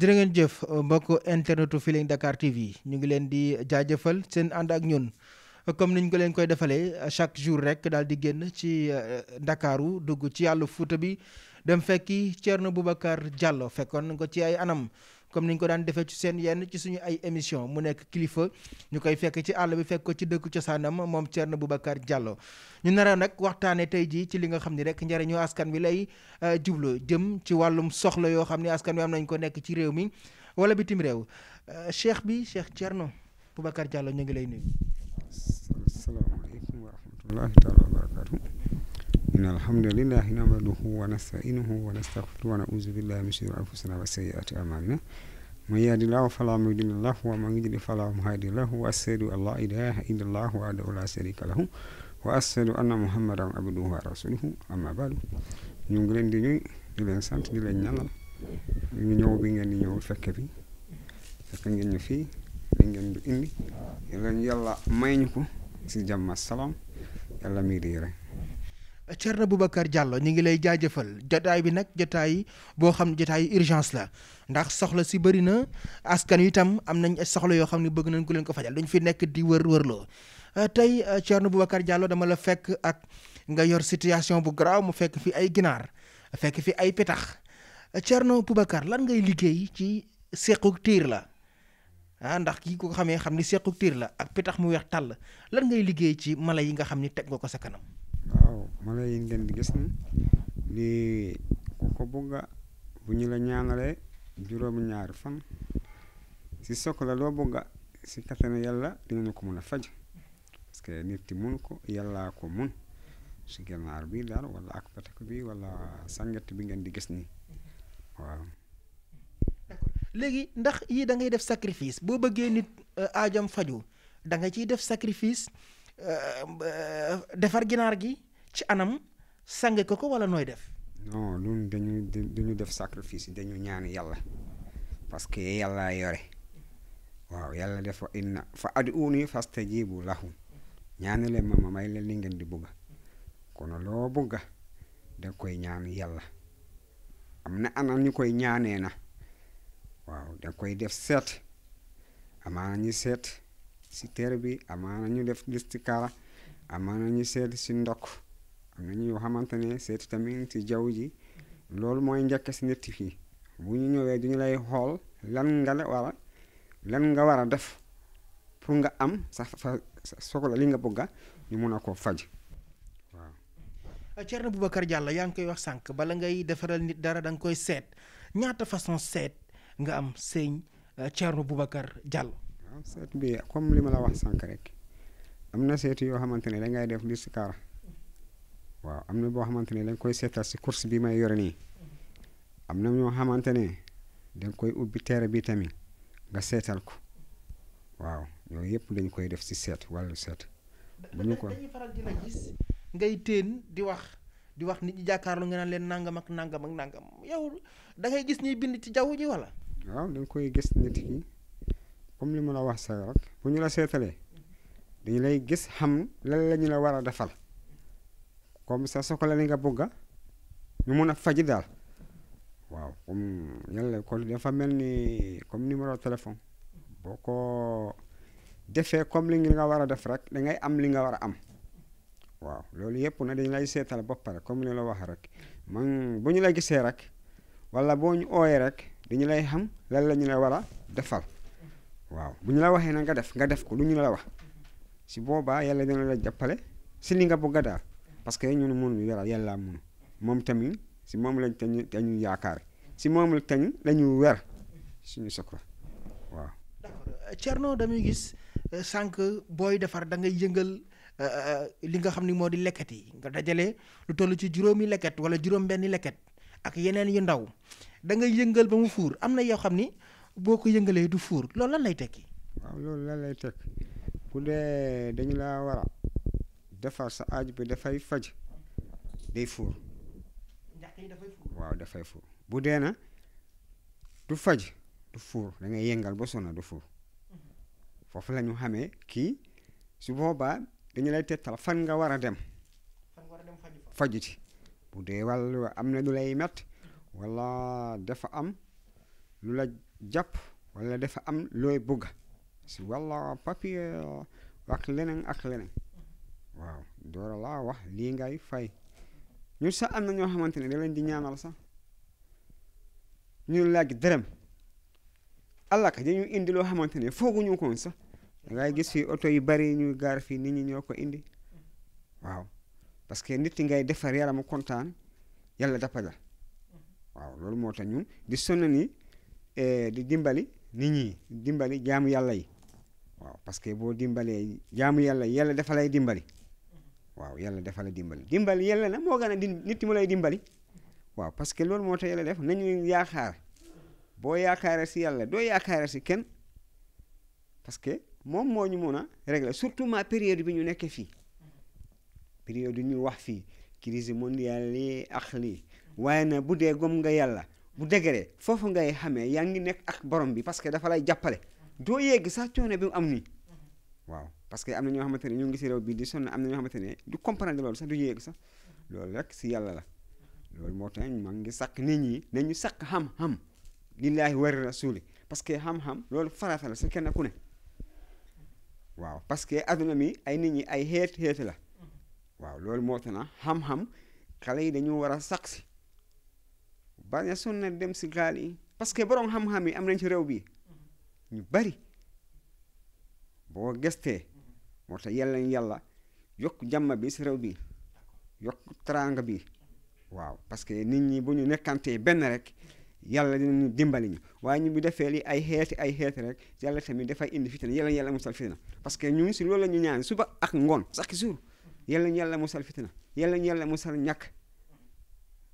jërë ngeen jëf mbokku internetu Feeling Dakar TV ñu ngi leen di jaajëfal seen ànd ak ñun comme niñ ko leen koy defalee chaque jour rek daal di génn ci euh, Ndakaaru dugg ci yàllu Fuuta bi dem fekki Thierno Boubacar Diallo fekkoon ko ci ay anam. comme ni ñu ko daan defee ci seen yenn ci suñu ay émission mu nekk kilifa ñu koy fekk ci àll bi fekk ko ci dëkku cosaanam moom Thierno Boubacar Diallo ñu nar nag waxtaanee tey jii ci li nga xam ni rek njariñu askan wi lay euh, jublu jëm ci wàllum soxla yoo xam ne askan wi am nañ ko nekk ci réew mi wala bitim réew euh, cheikh bi cheikh Thierno Boubacar Diallo ñu ngi lay nuyu. إن الحمد لله نعمده ونستعينه ونستغفره ونعوذ بالله من شرور أنفسنا وسيئات أعمالنا من يهد الله فلا مضل له ومن يضلل فلا هادي له وأشهد أن لا إله إلا الله وحده لا شريك له وأشهد أن محمدا عبده ورسوله أما بعد ñu ngi leen di nuyu di leen sant di leen ñaanal ñu ñëw bi ngeen di ñëw fekk bi fekk ngeen ñu fii li ngeen di indi leen yàlla may ñu ko si jàmm salaam yàlla miy réere Thierno Boubacar jàlloo ñu ngi lay jaajëfal jotaay bi nag jotaay boo xam ne jotaay urgence la ndax soxla si bëri na askan wi itam am nañ soxla yoo xam ne bëgg nañ ko leen ko fajal duñ fi nekk di wër wërloo euh, tey euh, Thierno Boubacar Diallo dama la fekk ak nga yor situation bu garaaw mu fekk fi ay ginaar fekk fi ay pitax euh, Thierno Boubacar lan ngay liggéey ci sequk tiir la ah ndax kii ko xamee xam ni sequk tiir la ak pitax mu weex tàll lan ngay liggéey ci mala yi nga xam ni teg nga ko sa kanam. waaw mala yi ngeen di gis ni lii ku ko bugga bu ñu la ñaanalee juróom-ñaari fan si soxla loo bugga si kattanu yàlla dinañu ko mën a faj parce que nit ki mun ko yàllaa ko mun si ganaar bi daal wala ak patak bi walla sanget bi ngeen di gis nii waaw léegi ndax yii dangay def sacrifice boo bëggee nit euh, aajam faju danga ciy def sacrifice euh, euh, defar ginaar gi ci anam sange ko ko wala nooy def. non loolu dañu dañu def sacrifice dañu ñaan yàlla parce que yàlla yore waaw yàlla def inna fa ad'uuni fastajibu lahum ñaan leen ma ma may leen li di bëgg kon loo bëgg da koy ñaan yàlla am na anam ñu koy ñaanee na waaw da koy def seet amaana ñu seet si teer bi amaana ñu def listikaara amaana ñu seet si ndok ñooñu yoo xamante ne seetu tamit ci jaww ji loolu mooy njëkk si nit fii bu ñu ñëwee du ñu lay xool lan nga la war a lan nga war a def pour nga am sa sa la li nga bëgga ñu mun a ko faj waaw. Thierno Boubacar jàll yaa ngi koy wax sànq bala ngay defaral nit dara da nga koy seet ñaata façon seet nga am sëñ euh, Thierno Boubacar Diallo. waaw seet bi comme li ma la wax sànq rek am na seetu yoo xamante ne dangay def liskaar waaw am na boo xamante ne dañ koy seetal si course bi may yore nii am na ñoo xamante ne dañ koy ubbi teere bi tamit nga seetal ko waaw yooyu yëpp dañ koy def si seet wàllu seet. bu ñu ko di gis wax di wax nit ñi jàkkaarloo nga naan leen nangam ak nangam ak nangam yow da ngay gis ñuy bind ci jaww ji wala. waaw dañ koy gis nit ki comme li ma la wax sa rek bu ñu la seetalee dañu lay gis xam lan lañu la war a defal. sa ko komsa sohlanenga bogga a faj dal waaw comme yàlla kon dafa mel ni comme numéro téléphone boo ko defee comme li nga war a def rek da ngay am li nga war a am waaw loolu yëpp nag dañu lay seetal ba pare comme ni la wax rek man bu ñu la gisee rek wala boo ñu ooyee rek dañu lay xam lan la ñu la war a defal waaw bu ñu la waxee na nga def nga def ko lu ñu la wax si boobaa yàlla dina la jàppale si li nga bëgg a daal parce que ñun mënuñu dara yàlla mun moom tamit si moom lañ teñu teñu yaakaar si moom la teñu la ñu wer suñu soxla waaw. d'accord euh, damay gis euh, sànq booy defar da ngay yëngal euh, li nga xam ni moo di leket yi nga dajale lu toll ci juróomi leket wala juróom-benni lekket ak yeneen yu ndaw dangay ngay yëngal ba mu fuur am na yoo xam ni boo ko yëngalee du fuur loolu lan lay tekki. waaw loolu lan lay tekki bu dee dañu laa war defar sa aaj bi dafay faj day fuur waaw dafay fuur bu dee na du faj du fuur dangay yëngal ba sona du fuur mhm. foofu la ñu xamee kii su boobaa dañu lay tettal fan nga war a dem fajuti bu dee wàllu am na lu lay mett wala dafa am lu la jàpp wala dafa am looy bugg si wala papier ak leneen ak leneen waaw door a laa wax lii ngay fay ñun sax am na ñoo xamante ne da leen di ñaanal sax ñu laaj dërëm allah ka dañu indi loo xamante ne fooguñu koon sax da gis fii oto yu bari ñuy gaar fii nit ñi ñoo ko indi waaw parce que nit ngay defar yaramu kontaan yàlla dappa waaw loolu moo tax ñun di sonn ni eh, di dimbali ni ñi dimbali jaamu yàlla yi waaw parce que boo dimbalee jaamu yàlla yàlla dafa lay dimbali waaw yàlla defal la dimbali dimbali yàlla na moo gën a di nit mu lay dimbali waaw parce que loolu moo tax yàlla def nañu yaakaar boo yaakaaree si yàlla doo yaakaaree si kenn parce que moom moo ñu mun a régler surtout ma période bi ñu nekkee fii période ñu wax fii crise mondiale lii ak lii waaye na bu dee gom nga yàlla bu dëgëree foofu ngay xamee yaa ngi nekk ak borom bi parce que dafa lay jàppale doo yegg sax coono bi am nii waaw parce que am na ñoo xamante ne ñu ngi si réew bii di sonn am na ñoo xamante ne du comprendre loolu sax du yéeg sax loolu rek si yàlla la loolu moo tax maa ngi sàkk nit ñi nañu sàkk xam-xam lillaahi war rasuuli parce que xam-xam loolu farata la kenn ku ne waaw parce que adduna ay nit ñi ay xeet xeet la waaw loolu moo na xam-xam xale yi dañu war a sàkk si bañ a sonn dem si gaal yi parce que borom xam-xam yi am nañ ci réew bi ñu bari boo gëstee moo tax yàlla na yàlla yokk jàmm bi si réew bi yokk teraanga bi waaw parce que nit ñi bu ñu nekkantee benn rek yàlla dinañu dimbali ñu waaye ñu bu defee lii ay xeeti ay xeeti rek yàlla tamit dafay indi fitna yàlla yàlla musal fitna parce que ñun si loolu la ñu ñaan suba ak ngoon chaque jour yàlla yàlla musal fitna yàlla yàlla musal ñàkk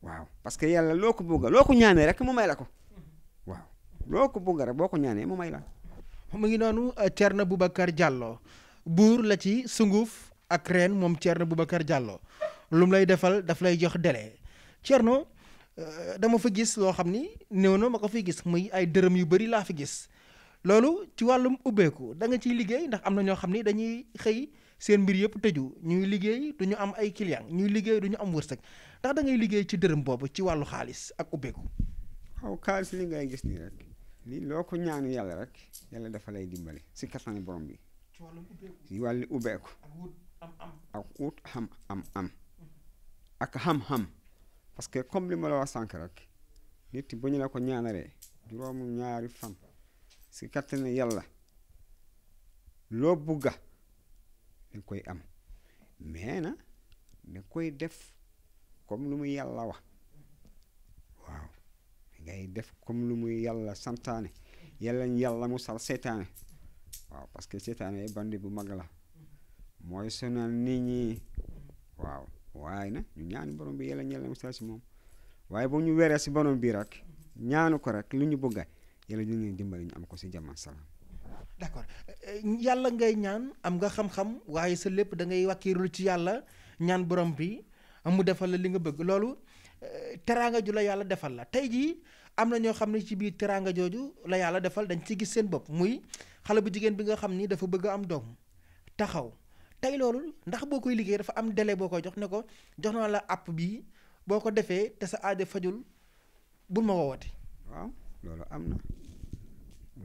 waaw parce que yàlla loo ko bëgg loo ko ñaanee rek mu may la ko waaw loo ko bëgg rek boo ko ñaanee mu may la mu ngi noonu euh, Thierno Boubacar jàlloo buur la ci sunguf ak reen moom Thierno Boubacar jàlloo lu mu lay defal daf lay jox délai Thierno euh, dama fa gis loo xam ni néew na ma ko fi gis muy ay dërëm yu bari laa fi gis loolu ci wàllum ubbeeku da nga ciy liggéey ndax am na ñoo xam ni dañuy xëy seen mbir yëpp tëju ñuy liggéey du ñu am ay clients ñuy liggéey du ñu am wërsëg ndax da liggéey ci dërëm boobu ci wàllu xaalis ak ubbeeku. xaw xaalis li ngay gis nii rek li loo ko ñaanu yàlla rek yàlla dafa lay dimbali si kattan borom bi. ci wàllu ubbeeku. ak wut am am am. ak xam-xam. parce que comme li ma la wax sànq rek nit bu ñu la ko ñaanalee juróomu ñaari fan si kattan yàlla loo bugga da koy am mais na da koy def comme lu mu yàlla wax. day def comme lu muy yàlla santaane yàlla ñu yàlla mu sal seetaane waaw parce que seetaane bandi bu mag la mooy sonal nit ñi waaw waaye na ñu ñaan borom bi yàlla ñu yàlla mu sal si moom waaye rek ñaanu ko rek lu ñu bëgga yàlla ñu ngi am ko si jàmm salaam ngay ñaan am nga xam-xam waaye sa lépp da ngay wàkkiirul ci yàlla ñaan borom bi mu defal la li nga bëgg loolu eh, teraanga ju yàlla defal la tey jii am na ñoo xam ne ci biir teraanga jooju la yàlla defal dañ ci gis seen bopp muy xale bu jigéen bi nga xam ni dafa bëgg am doom taxaw tey loolu ndax boo koy liggéey dafa am dele boo koy jox ne ko jox naa la app bii boo ko defee te sa aada fajul bu ma woowati. waaw loolu am na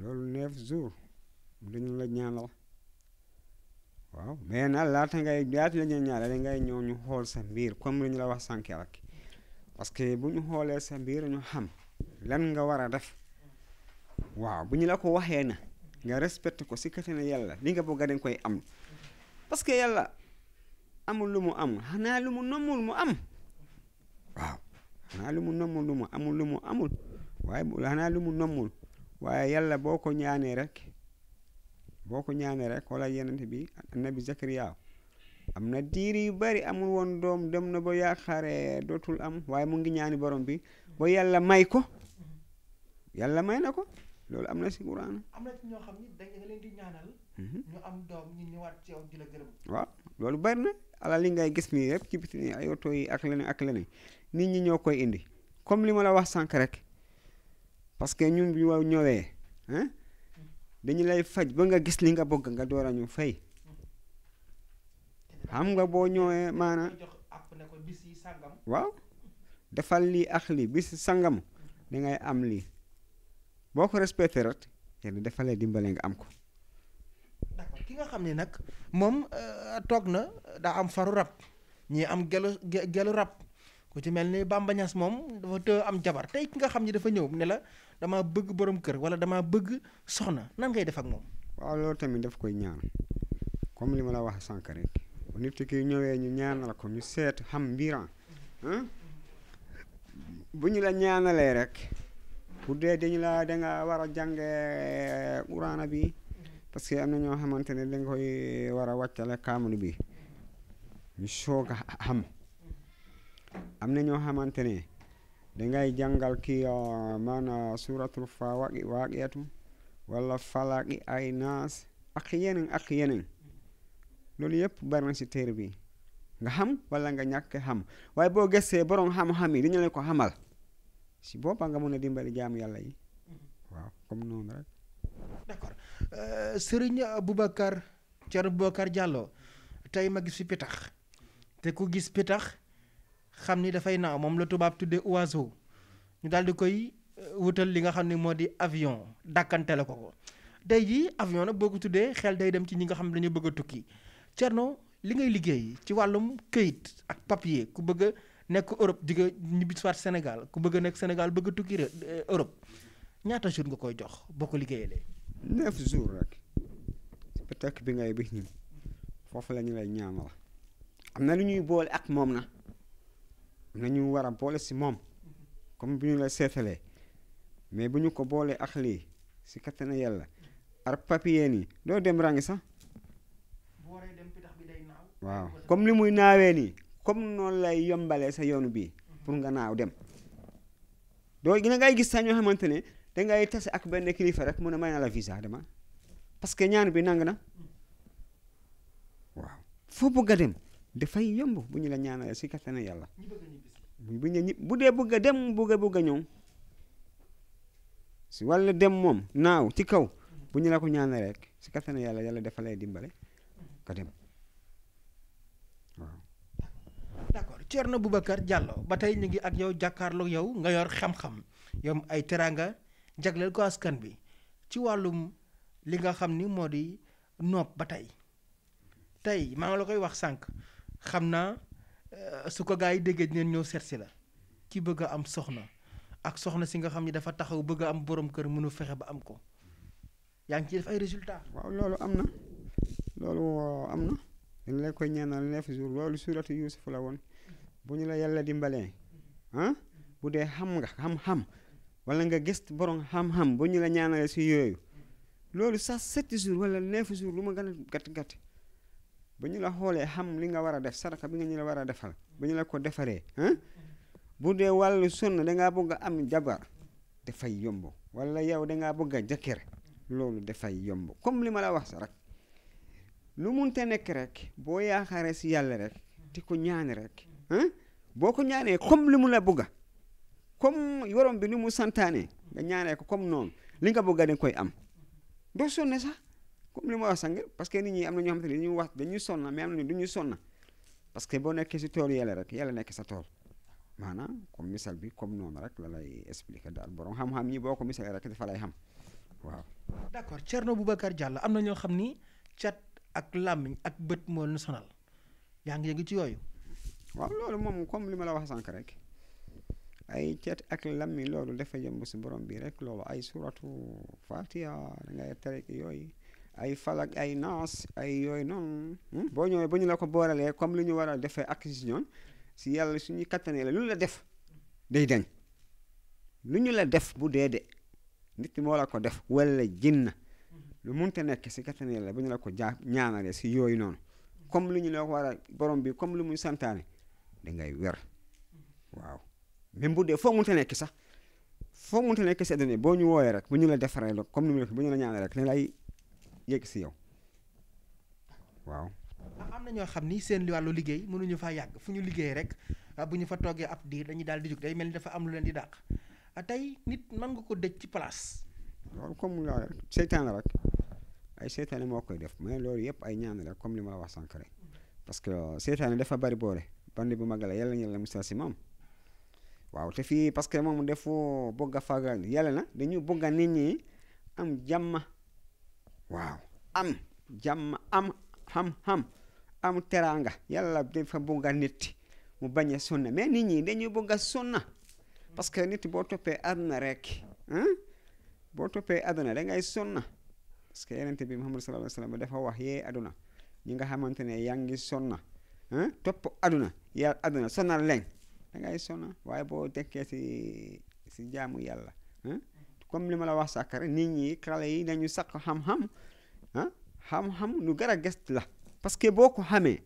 loolu neuf jours dañu la ñaanal waaw mais nag laata ngay laata la ñuy ñaanal ngay ñëw ñu xool sa mbir comme li ñu la wax sànq rek parce que bu ñu xoolee sa mbir ñu xam. lan nga war a def waaw bu ñu la ko waxee na nga respecté ko si kattan yàlla li nga bëgg dañ koy am parce que yàlla amul lu mu am xanaa lu mu nommul mu am waaw mu nommul lu mu amul lu mu amul waaye xanaa lu mu nommul waaye yàlla boo ko ñaanee rek boo ko ñaanee rek wala yenente bi annabi Zakariya am na diir yu bari amul woon doom dem na ba yaakaare dootul am waaye mu ngi ñaani borom bi ba yàlla may ko yàlla may na ko loolu am na si ñoo xam ni da mhm. am doom waaw loolu bari na alal li ngay gis nii rek ci biti nii ay oto yi ak leneen ak nit ñi ñoo koy indi comme li ma la wax sànq rek parce que ñun bi ñu ñëwee dañu lay faj ba nga gis li nga bëgg nga door a ñu fay. xam nga boo ñëwee maana waaw defal lii ak lii bis sangam da ngay am lii boo ko respecté rat yàlla dafa lay dimbale nga am ko. ki nga xam ni nag moom euh, toog na daa am faru rab ñii am gelu gelu rab ku ci mel ni Bamba moom dafa të am jabar tey ki nga xam ni dafa ñëw ne la dama bëgg borom kër wala dama bëgg soxna nan ngay def ak moom. waaw loolu tamit daf koy ñaan comme li ma la wax sànq rek nit ñëwee ñu ñaanal ko ñu seet xam mbiram bu ñu la ñaanalee rek. bu dee dañu la da nga war a jàng eh, quraana bi parce que am na ñoo xamante ne danga koy eh, war a wàccale kaamul bi ñu soog a xam am na ñoo xamante ne dangay jàngal ki eh, maanaam suuratul fa waaqi waaqiyatu wala falaqi ay naas ak yeneen ak yeneen loolu yëpp bari na si téere bi nga xam wala nga ñàkk xam waaye boo gëstee borom xam-xam yi dañu la ko xamal si boppam nga mën a dimbali jaamu yàlla yi mm-hmm. waaw comme noonu rek. d'accord euh, Serigne Boubacar Thierno Boubacar jàlloo tey ma gis fi pitax te ku gis pitax xam ni dafay naaw moom la tubaab tuddee oiseau ñu daal di koy euh, wutal li nga xam ne moo di avion dàkkante la ko ko tey ji avion nag boo ko tuddee xel day dem ci ñi nga xam ne dañu bëgg a tukki Thierno li ngay liggéey ci wàllum këyit ak papier ku bëgg nekk Europe jóge ñibbi soit Sénégal ku bëgg a nekk Sénégal bëgg a tukki eh, Europe ñaata jour nga koy jox boo ko liggéeyalee. neuf jours rek spectacle bi ngay bis ñun foofu la ñu lay ñaamal na lu ñuy boole ak moom na am na ñu war a boole si moom comme bi ñu la seetalee mais bu ñu ko boolee ak si kattanu yàlla ar papier nii doo dem rangi sax. waaw comme li muy naawee nii. comme noonu lay yombalee sa yoonu bii pour nga naaw dem doo gina ngay gis sax ñoo xamante ne dangay tase ak benn kilifa rek mun a may na la visa dama parce que ñaan bi nang na waaw foo bëgg dem dafay yomb bu ñu la ñaanalee si dee bëgg a bëgg a ñëw si wàllu dem moom naaw ci kaw bu ñu la ko ñaanalee rek si kattanu yàlla yàlla dafa lay dimbale nga dem. Thierno Boubacar jàlloo ba tey ñu ngi ak yow jàkkaarloog yow nga yor xam-xam yom ay teraanga jagleel ko askan bi ci wàllum li nga xam ni moo di nopp ba tey tey maa ngi la koy wax sànq xam naa euh, su ko gaa yi déggee dinañ ñëw seet si la ki bëgg am soxna ak soxna si nga xam ni dafa taxaw bëgg am borom kër mënu fexe ba am ko yaa ngi ci def ay résultat waaw loolu am na loolu euh, am na dañ lay koy ñaanal neuf jours loolu suuratu Yuusuf la woon. bu ñu la yàlla dimbalee ah bu dee xam nga xam-xam wala nga gëstu borom xam-xam bu ñu la ñaanale si yooyu loolu sax sept jour wala neuf jours lu ma gën a gàtt gàtt bu ñu la xoolee xam li nga war a def saraka bi nga ñu la war a defal bu ñu la ko defaree ah bu dee wàllu sonn danga bëgg am jabar dafay yomb wala yow dangaa bëgg a jëkkër loolu dafay yomb comme li ma la wax sa rek lu munte nekk rek boo yaakaaree si yàlla rek di ko ñaan rek boo ko ñaanee comme li mu la bëgga comme yorom bi ni mu santaane nga ñaanee ko comme noonu li nga bëgga da koy am doo sonne sax comme li ma wax sànq parce nit ñi am na ñoo xamante wax dañuy sonna mais am na du ñu sonna parce que boo nekkee si tool yàlla rek yàlla nekk sa tool maanaam ko misal bi comme noonu rek la lay expliquer daal borom xam-xam ñi boo ko misalee rek dafa lay xam waaw. d' accord Thierno Boubacar Diallo am na ñoo xam ni cat ak làmmiñ ak bët moo nu sonal yaa ngi yëngu ci yooyu. waaw loolu moom comme li ma la wax sànq rek ay cet ak lammi loolu dafa yëmb si borom bi rek loolu ay suratu fatiha da tere yooyu ay falak ay naas ay yooyu noonu hmm? boo ñëwee bu ñu la ko booralee comme lu ñu war a defee ak si ñoom si yàlla suñu kattanee la lu la def day dañ lu ñu la def bu dee de nit moo la ko def wala jinna lu munte nekk si kattanee la bu ñu la ko jaa ñaanalee si yooyu noonu comme lu ñu la war a borom bi comme lu muy santaane dangay wer waaw même bu dee foo mënta nekk sax foo mënta nekk si àdduna boo ñu wooyee rek bu ñu la defaree rek comme mu la bu ñu la ñaanee rek ne lay yegg si yow waaw. am na xam ni seen wàllu liggéey mënuñu faa yàgg fu ñu liggéey rek ah, bu ñu fa toogee ab diir dañuy daal di jóg day mel ni dafa am lu leen di dàq a ah, tey nit man nga ko dëj ci place. loolu comme la seytaan la rek ay seytaane moo koy def mais loolu yëpp ay ñaan la comme li ma la wax sànq rek parce que seytaane dafa bari boole bandi bu mag la yàlla na yàlla musal si moom waaw te fii parce que moom defoo bëgg a fagal yàlla na dañu bëgg a nit ñi am jàmm waaw am jàmm am xam-xam am teraanga yàlla dafa bëgg a nit mu bañ a sunna mais nit ñi dañu bëgg a sunna parce que nit boo toppee àdduna rekk boo toppee àdduna da ngay sunna parce que yonent bi Muhammad sallallahu alayhi wa sallam defa wax yee àdduna ñi nga xamante ne yaa ngi sunna topp adduna yàlla aduna sonal leen da ngay sonal waaye boo tekkee si si jaamu yàlla comme li ma la wax sàkk rek nit ñi xale yi dañu sàq xam-xam ah xam-xam lu gara gëstu la parce que boo ko xamee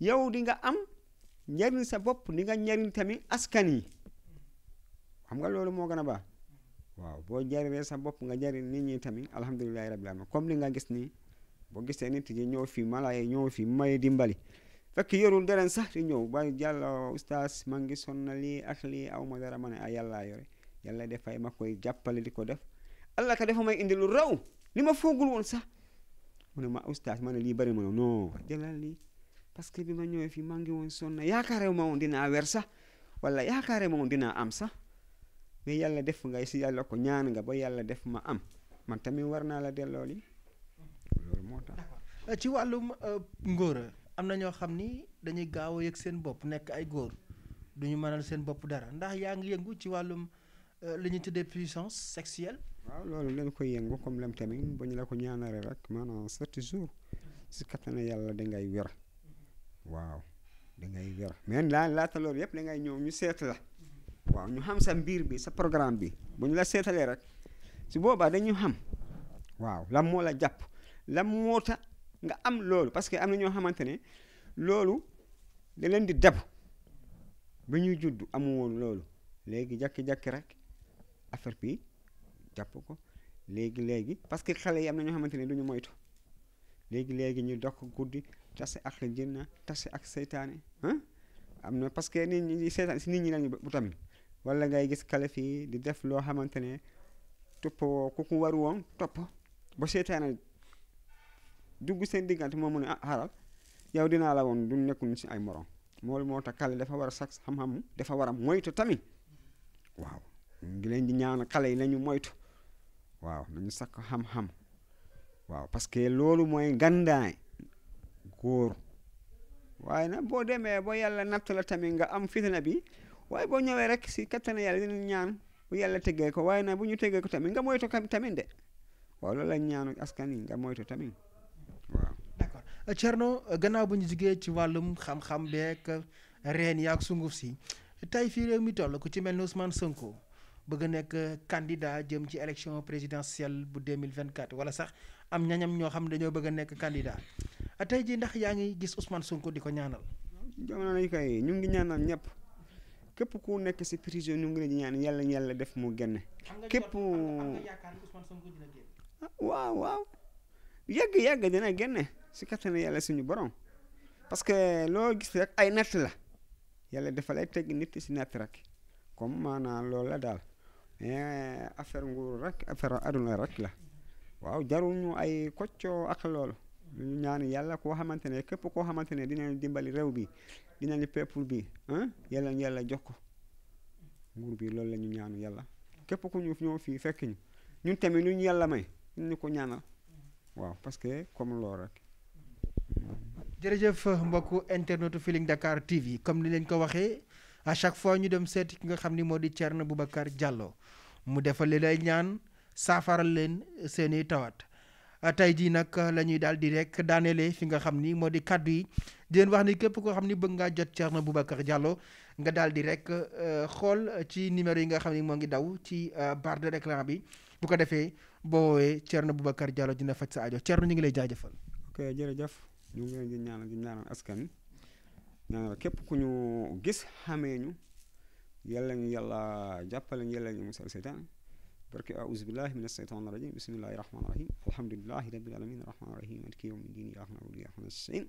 yow di nga am njariñ sa bopp ni nga njariñ tamit askan yi xam nga loolu moo gën a baax waaw boo njariñee sa bopp nga njariñ nit ñi tamit alhamdulilahi rabbil alamin comme li nga gis nii boo gisee nit ñi ñëw fi malaay ñëw fi may dimbali fekk yorul deren sax di ñëw ba jàlla oustaz ma ngi sonna lii ak lii aw ma dara ma ne ah yàllaa yore yàlla dafay ma koy jàppale di ko def allah ka dafa may indi lu raw li ma foogul woon sax mu ne ma oustaz ma ne lii bari ma ne non jëlal lii parce que bi ma ñëwee fii ma ngi woon sonna yaakaare ma woon dinaa weer sax wala yaakaare ma woon dinaa am sax mais yàlla def nga si yàlla ko ñaan nga ba yàlla def ma am man tamit war naa la delloo lii moo tax d'accord ci wàllum euh, ngóora am na ñoo xam ni dañuy gaaw a yëg seen bopp nekk ay góor du ñu mënal seen bopp dara ndax yaa ngi yëngu ci wàllum euh, li tëddee tuddee puissance sexuelle. waaw loolu dañ koy yëngu comme lam tamit ba ñu la ko ñaanaree rek maanaam sept jours si kattan yàlla dangay wér waaw dangay wér mais laa laata loolu yëpp dangay ñëw ñu seet la waaw ñu xam sa mbir bi sa programme bi bu la seetalee rek su boobaa dañu xam waaw lan moo la jàpp lan moo tax nga am loolu parce que am na ñoo xamante ne loolu da leen di dab ba ñuy juddu amu woon loolu léegi jàkki-jàkki rek affaire bi jàpp ko léegi-léegi parce que xale yi am na ñoo xamante ne du ñu moytu léegi-léegi ñu dox guddi tase ak jinna tase ak seytaane ah am na parce que nit ñi seytaane si nit ñi lañu bu tamit wala ngay gis xale fii di def loo xamante ne topp ku ku war woon topp ba seytaane dugg seen diggante moo mun a ah, xaral yow dinaa la woon du nekkuñu si ay morom moolu moo tax dafa war a sax xam-xam dafa war a moytu tamit waaw ñu leen di ñaan xale yi nañu moytu waaw nañu sax waaw parce que loolu mooy gandaay góor waaye nag boo demee boo yàlla natt la tamit nga am fitna bi waaye boo ñëwee rek si kattan yàlla dinañ ñaan bu yàlla tegee ko waaye nag bu ñu tegee ko tamit nga moytu tamit de waaw loolu la ñaanu askan yi nga moytu tamit Thierno gannaaw bu ñu jugee ci wàllum xam-xam beek reen yaak sunguf si tey fii réew toll ku ci mel ni Ousmane Sonko bëgg a nekk candidat jëm ci élection présidentielle bu 2024 wala sax am ñañam ñoo xam dañoo bëgg a nekk candidat tey jii ndax yaa ngi gis Ousmane Sonko di ko ñaanal. jamono yi kay ñu ngi ñaanal ñëpp képp ku nekk si prison ñu ngi leen di ñaan yàlla yàlla def mu génn. képp ah, waaw waaw yàgg yàgg dina génne. si kattanu yàlla suñu borom parce que loo gis rek ay natt la yàlla dafa lay teg nit si natt rek comme maanaa loolu la daal mais affaire nguur rek affaire aduna rek la waaw jaruñu ay koccoo ak loolu ñu ñaan yàlla koo xamante ne képp koo xamante ne dinañu dimbali réew bi dinañu peuple bi yàlla yàlla jox ko nguur bi loolu la ñu ñaanu yàlla képp ku ñu ñoo fii fekk ñu ñun tamit lu ñu yàlla may ñu ko ñaanal waaw parce que comme loolu rek jërëjëf mbokku internetu Feeling Dakar TV comme ni leen ko waxee à chaque fois ñu dem seeti ki nga xam ni moo di Thierno Boubacar Diallo mu defal leen ay ñaan saafaral leen seeni tawat ah, tey jii nag lañuy ñuy daal di rek daaneele fi nga xam ni moo di kaddu yi di leen wax ni képp koo xam ni bëgg ngaa jot Thierno Boubacar Diallo nga daal di rek euh, xool ci numéro yi nga xam ni moo ngi daw ci euh, barre de l'écran bi bu ko defee boo woowee Thierno Boubacar Diallo dina faj sa aajo Thierno ñu ngi lay jaajëfal. jërëjëf. ñu ngi leen di aska di ñaanal askan ku ñu gis xamee ñu yàlla ñu yàlla jàppale ñu yàlla ñu musal seytaan barke auzu billahi min aseytaan rajim bismillahi rahmaani rahim alhamdulilahi rabbil alamin rahmaani rahim maliki yawmi din iyyaka na'budu wa iyyaka nasta'in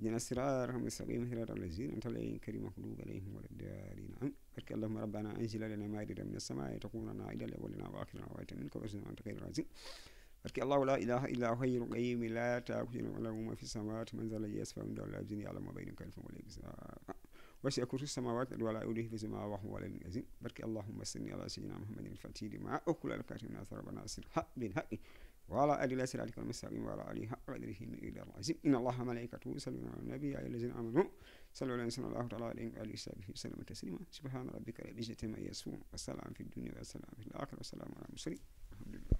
اهدنا الصراط المستقيم صراط الذين انعمت عليهم غير المغضوب عليهم ولا الضالين امين بارك اللهم ربنا انزل لنا مائدة من السماء parce que allahu la ilaha illa hayyul qayyum la taaku shin lahu ma fi samawati man zala yasfa min dawla azin yàlla ma bayna kalfa wala gis wasi akursu samawati wala ulihi fi sama wax wala min azin barki allahumma salli ala sayyidina muhammadin al-fatih lima ukula al-katim nasir rabbana asir haq bil haqi وعلى آل الله صراطك المستقيم وعلى آله حق قدره إلى العظيم إن الله وملائكته يصلون على النبي يا أيها الذين آمنوا صلوا عليه وسلم الله تعالى عليه وآله وصحبه وسلم تسليما سبحان ربك رب العزة عما يصفون والسلام في الدنيا والسلام في الآخرة والسلام على المرسلين الحمد لله